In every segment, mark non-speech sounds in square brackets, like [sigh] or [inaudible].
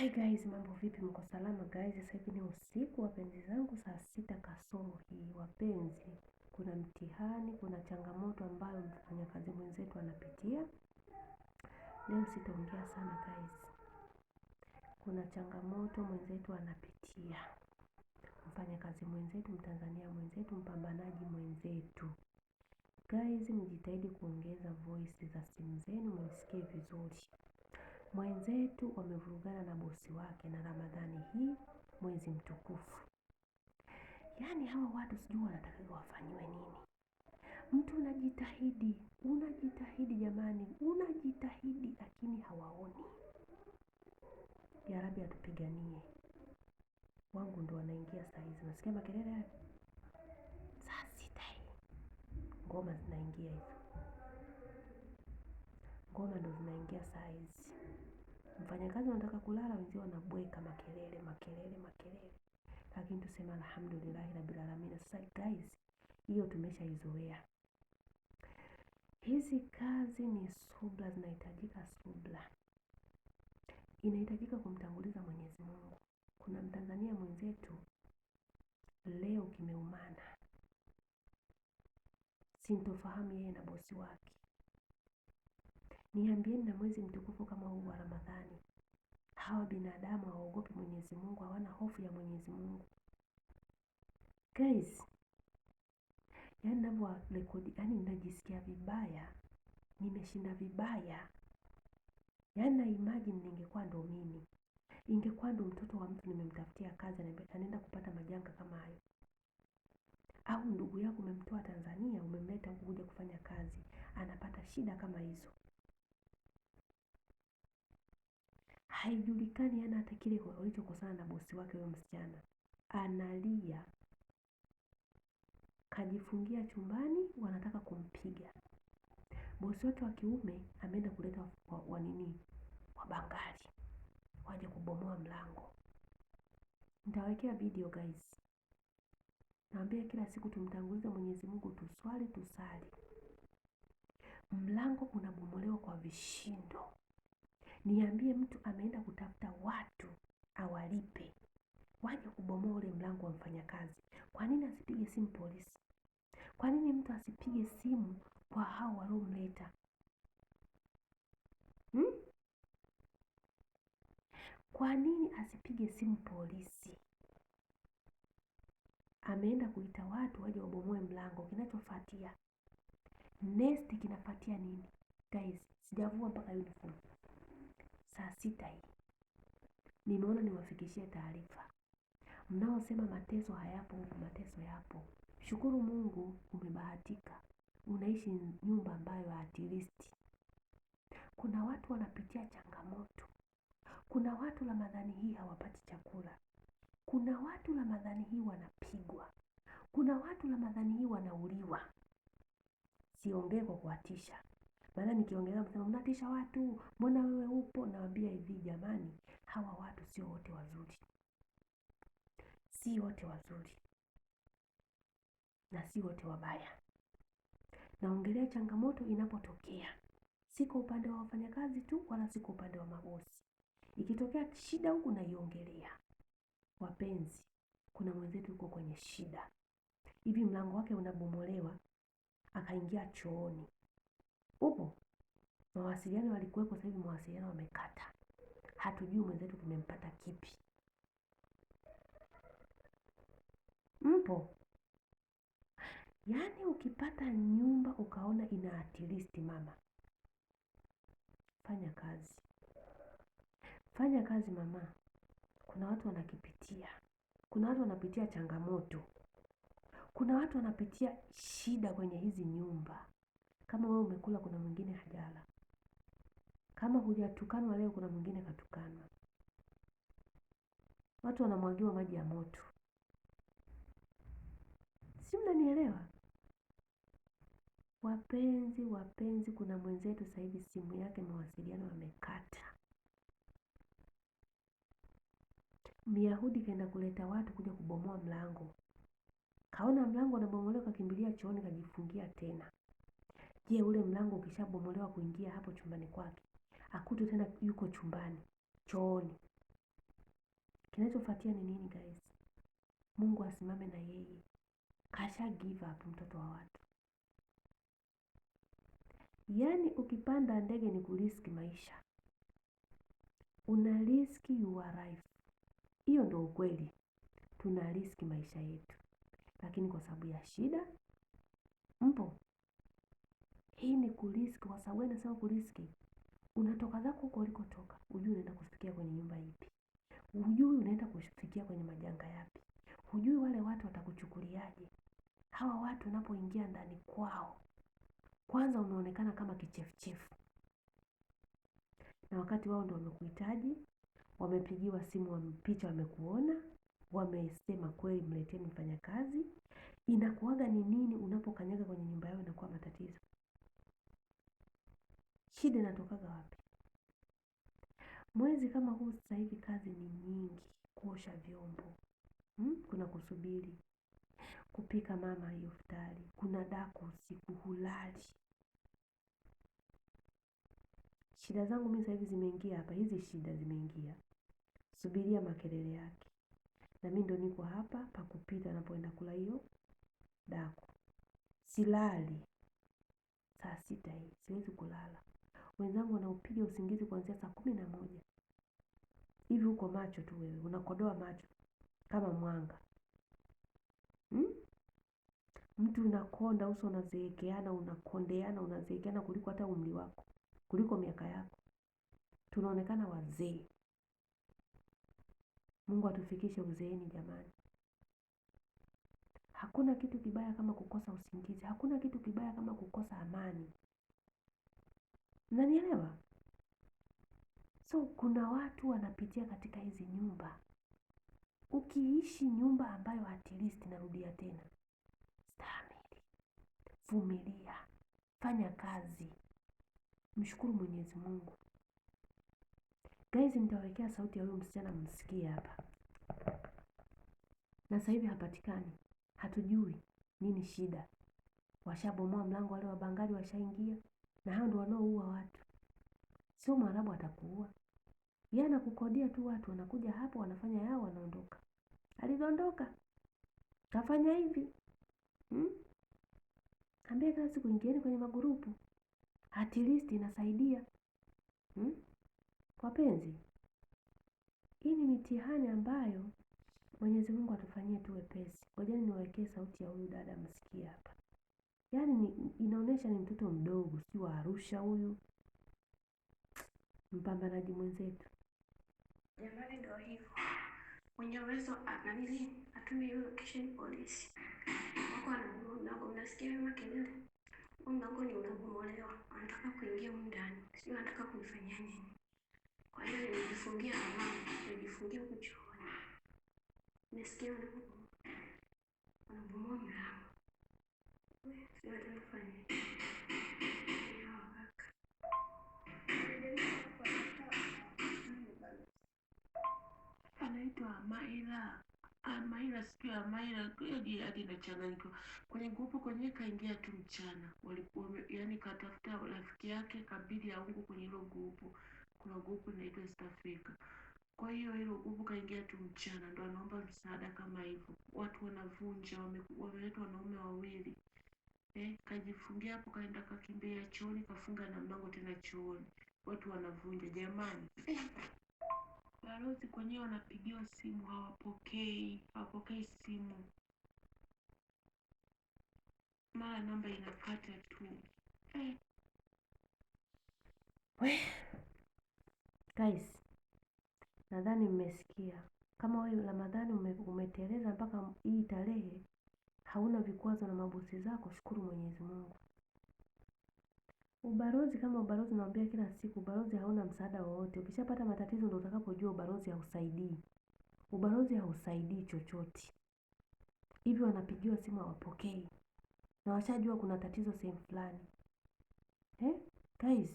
Hi guys, mambo vipi? Mko salama guys? Sasa hivi ni usiku wapenzi zangu, saa sita kasoro hii wapenzi. Kuna mtihani, kuna changamoto ambayo mfanyakazi mwenzetu anapitia leo. Sitaongea sana guys, kuna changamoto mwenzetu anapitia, mfanyakazi mwenzetu, mtanzania mwenzetu, mpambanaji mwenzetu. Guys, mjitahidi kuongeza voice za simu zenu mwisikie vizuri. Mwenzetu wamevurugana na bosi wake na Ramadhani hii mwezi mtukufu. Yaani hawa watu sijui wanataka wafanyiwe nini? Mtu unajitahidi, unajitahidi jamani, unajitahidi lakini hawaoni. Ya Rabbi atupiganie. Wangu ndo wanaingia saa hizi, nasikia makelele haya. Saa sita hii ngoma zinaingia hizo, ngoma ndo zinaingia saa hizi wafanyakazi wanataka kulala, wenzio wanabweka makelele makelele makelele, lakini tuseme alhamdulillah rabbil alamin. Sasa guys, hiyo tumeshaizoea. Hizi kazi ni subra, zinahitajika subra, inahitajika kumtanguliza Mwenyezi Mungu. Kuna mtanzania mwenzetu leo kimeumana, sintofahamu yeye na bosi wake. Niambieni na mwezi mtukufu kama huu wa hawa binadamu hawaogopi mwenyezi mungu hawana hofu ya mwenyezi mungu guys yani navyowarekodi yani najisikia vibaya nimeshinda vibaya yaani na imagine ningekuwa ndo mimi ingekuwa ndo mtoto wa mtu nimemtafutia kazi anaenda kupata majanga kama hayo au ndugu yako umemtoa tanzania umemleta kuja kufanya kazi anapata shida kama hizo haijulikani ana hata kile walichokosana na bosi wake huyo msichana analia kajifungia chumbani wanataka kumpiga bosi wake wa kiume ameenda kuleta wanini wa wabangali waje kubomoa mlango nitawekea video guys naambia kila siku tumtangulize mwenyezi mungu tuswali tusali mlango unabomolewa kwa vishindo Niambie mtu ameenda kutafuta watu awalipe waje kubomoa ule mlango wa mfanyakazi. Kwa nini asipige simu polisi? Kwa nini mtu asipige simu kwa hao waliomleta hmm? Kwa nini asipige simu polisi? Ameenda kuita watu waje wabomoe mlango, kinachofuatia next kinafuatia nini? Guys, sijavua mpaka uniform saa sita hii nimeona niwafikishie taarifa. Mnaosema mateso hayapo huku, mateso yapo. Shukuru Mungu, umebahatika, unaishi nyumba ambayo at least kuna watu wanapitia changamoto. Kuna watu Ramadhani hii hawapati chakula. Kuna watu Ramadhani hii wanapigwa. Kuna watu Ramadhani hii wanauliwa. Siongee kwa kuwatisha, maana nikiongelea mtu mnatisha watu mbona wewe upo nawambia hivi jamani hawa watu sio wote wazuri si wote wazuri na si wote wabaya naongelea changamoto inapotokea siko upande wa wafanyakazi tu wala siko upande wa mabosi ikitokea shida huku naiongelea wapenzi kuna mwenzetu yuko kwenye shida hivi mlango wake unabomolewa akaingia chooni upo mawasiliano walikuwepo, sasa hivi mawasiliano wamekata. Hatujui mwenzetu kimempata kipi. Mpo yaani, ukipata nyumba ukaona ina least, mama fanya kazi, fanya kazi mama. Kuna watu wanakipitia, kuna watu wanapitia changamoto, kuna watu wanapitia shida kwenye hizi nyumba. Kama wewe umekula, kuna mwingine hajala. Kama hujatukanwa leo, kuna mwingine katukanwa. Watu wanamwagiwa maji ya moto, si mnanielewa? Wapenzi, wapenzi, kuna mwenzetu sasa hivi simu yake mawasiliano yamekata. Myahudi kaenda kuleta watu kuja kubomoa mlango, kaona mlango anabomolewa, kakimbilia chooni, kajifungia tena. Je, ule mlango ukishabomolewa kuingia hapo chumbani kwake akutwe tena yuko chumbani chooni? Kinachofuatia ni nini guys? Mungu asimame na yeye, kasha give up mtoto wa watu. Yaani ukipanda ndege ni kuriski maisha, una riski your life. Hiyo ndo ukweli, tuna riski maisha yetu, lakini kwa sababu ya shida mpo hii ni kuriski, kwa sababu inasema kuriski, unatoka zako huko ulikotoka, hujui unaenda kufikia kwenye nyumba ipi, hujui unaenda kufikia kwenye majanga yapi, hujui wale watu watakuchukuliaje. Hawa watu unapoingia ndani kwao, kwanza unaonekana kama kichefuchefu, na wakati wao ndio wamekuhitaji, wamepigiwa simu, wamepicha, wamekuona, wamesema kweli, mleteni mfanyakazi. Inakuwaga ni nini unapokanyaga kwenye nyumba yao, inakuwa matatizo shida inatokaga wapi? Mwezi kama huu sasa hivi kazi ni nyingi, kuosha vyombo hmm? kuna kusubiri, kupika mama hiyo futari, kuna daku usiku hulali. Shida zangu mimi sasa hivi zimeingia hapa, hizi shida zimeingia, subiria makelele yake, na mimi ndo niko hapa pakupita napoenda kula hiyo daku. Silali saa sita hii, siwezi kulala wenzangu wanaupiga usingizi kuanzia saa kumi na moja hivi uko macho tu wewe unakodoa macho kama mwanga hmm? mtu unakonda uso unazeekeana unakondeana unazeekeana kuliko hata umri wako kuliko miaka yako tunaonekana wazee mungu atufikishe uzeeni jamani hakuna kitu kibaya kama kukosa usingizi hakuna kitu kibaya kama kukosa amani Unanielewa? So kuna watu wanapitia katika hizi nyumba. Ukiishi nyumba ambayo at least, narudia tena, stahimili, vumilia, fanya kazi, mshukuru Mwenyezi Mungu. Guys, nitawekea sauti ya huyo msichana msikie hapa, na sasa hivi hapatikani, hatujui nini shida. Washabomoa mlango, wale wabangali washaingia, na hao ndio wanaoua watu. Sio mwarabu atakuua, yeye anakukodia tu watu, wanakuja hapo wanafanya yao, wanaondoka. Alidondoka kafanya hivi hmm? Ambia siku ingieni kwenye magurupu at least inasaidia hmm? Wapenzi, hii ni mitihani ambayo Mwenyezi Mungu atufanyie tuwe Ngojeni niwawekee sauti ya huyu dada msikie hapa yaani ni inaonesha ni mtoto mdogo si wa arusha huyu mpambanaji mwenzetu jamani ndio hivyo mwenye uwezo anabidi ah, atume hiyo location polisi wako anamua mlango mnasikia wema kelele huu mlango ni unabomolewa anataka kuingia humu ndani sijui wanataka kunifanyia nini kwa hiyo nimejifungia mama, nimejifungia kuchoona, chooni nasikia wanabomoa mlango anaitwa Amaira Amaira, ah, sijui Amaira kweli, hadi nachanganyikiwa. Kwenye grupu kwenye kaingia tu mchana, walikuwa yani katafuta rafiki yake kabidi aungu kwenye hilo grupu. Kuna grupu inaitwa East Africa. Kwa hiyo hilo grupu kaingia tu mchana, ndo anaomba msaada kama hivyo. Watu wanavunja, wameletwa wanaume wawili eh, kajifungia hapo, kaenda kakimbia chooni, kafunga na mlango tena chooni. Watu wanavunja jamani, [laughs] balozi kwenyewe wanapigiwa simu hawapokei, hawapokei simu, mara namba inakata tu eh. We guys, nadhani mmesikia kama huyu Ramadhani umeteleza mpaka hii tarehe hauna vikwazo na mabosi zako, shukuru Mwenyezi Mungu. Ubarozi kama ubarozi naambia kila siku, ubarozi hauna msaada wowote. Ukishapata matatizo ndio utakapojua ubarozi hausaidii. ubarozi hausaidii chochote, hivyo wanapigiwa simu hawapokei, na washajua kuna tatizo sehemu fulani. Eh, guys,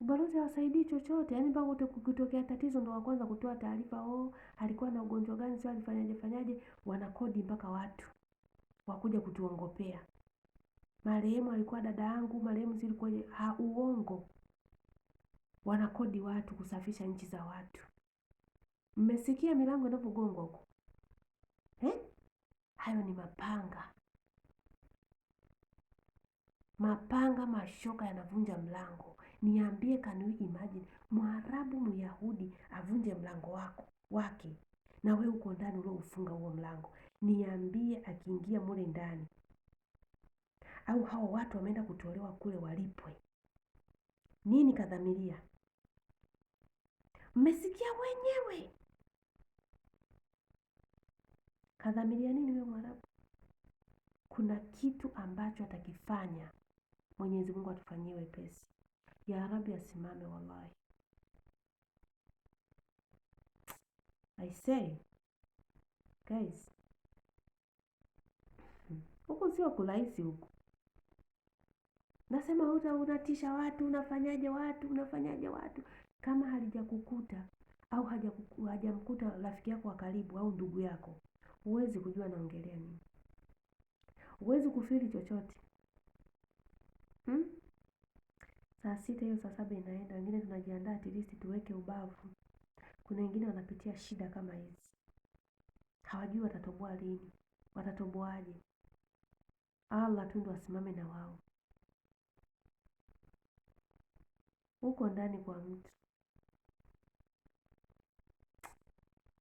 Ubalozi hawasaidii chochote, yaani mpaka kukitokea tatizo ndo wa kwanza kutoa taarifa, oh, alikuwa na ugonjwa gani, sio alifanyaje fanyaje, wanakodi mpaka watu wakuja kutuongopea. Marehemu alikuwa dada yangu, marehemu zilikuwaje, ha, uongo. Wanakodi watu kusafisha nchi za watu. Mmesikia milango inavyogongwa huko eh? Hayo ni mapanga, mapanga, mashoka yanavunja mlango niambie, can you imagine Mwarabu Myahudi avunje mlango wako wake na we uko ndani ufunga huo mlango, niambie akiingia mule ndani, au hao watu wameenda kutolewa kule walipwe nini? Kadhamiria, mmesikia wenyewe, kadhamiria nini? We Mwarabu, kuna kitu ambacho atakifanya Mwenyezi Mungu atufanyie wepesi. Ya Rabbi asimame wallahi. I say guys, huku sio kurahisi huku. Nasema uta unatisha watu, unafanyaje watu, unafanyaje watu, kama halijakukuta au hajamkuta rafiki yako wa karibu au ndugu yako, huwezi kujua naongelea nini, huwezi kufiri chochote hmm? saa sita hiyo saa saba inaenda, wengine tunajiandaa at least tuweke ubavu. Kuna wengine wanapitia shida kama hizi, hawajui watatoboa lini, watatoboaje. Allah tu ndo asimame na wao. Uko ndani kwa mtu,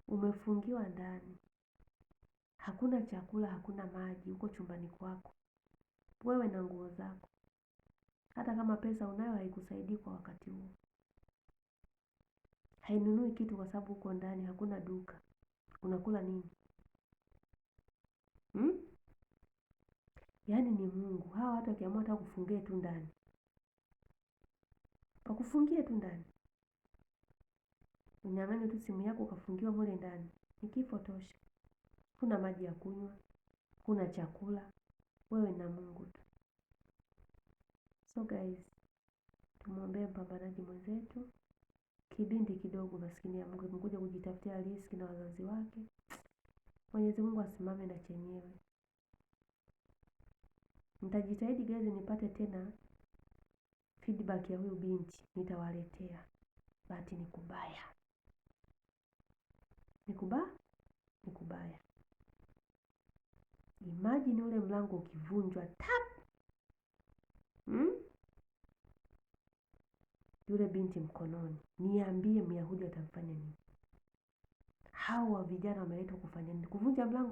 umefungiwa ndani, hakuna chakula, hakuna maji, uko chumbani kwako wewe na nguo zako hata kama pesa unayo haikusaidii kwa wakati huo. Hainunui kitu kwa sababu huko ndani hakuna duka. Unakula nini? Hmm? Yaani ni Mungu. Hawa watu wakiamua hata kufungie tu ndani, wakufungie tu ndani, unyang'anywe tu simu yako ukafungiwa mule ndani. nipate tena feedback ya huyu binti, nitawaletea. Bahati ni kubaya, ni ni kubaya. Imagine ule mlango ukivunjwa tap, hmm? Yule binti mkononi, niambie Myahudi atamfanya nini? Hao vijana wameletwa kufanya nini? Kuvunja mlango.